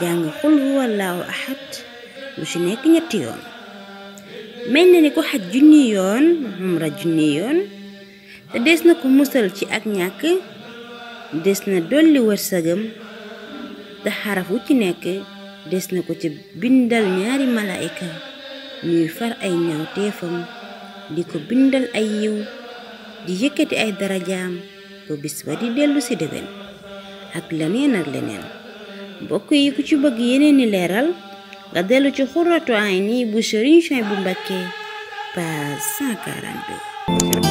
jàng xul huwallaahu ahad lu ci nekk ñetti yoon mel na ni ko xaj junni yoon umra junni yoon te des na ko musal ci ak ñàkk des na dolli wërsëgam te xaraf wu ci nekk des na ko ci bindal ñaari malaayka ñuy far ay ñaw di ko bindal ay yiw di yëkkati ay darajaam ba bis ba di dellu si déwén ak leneen ak leneen bokk yi ku ci bëgg yeneen ni leeral nga dellu ci xurratu ayni bu Serigne Souhaïbou Mbacké page 142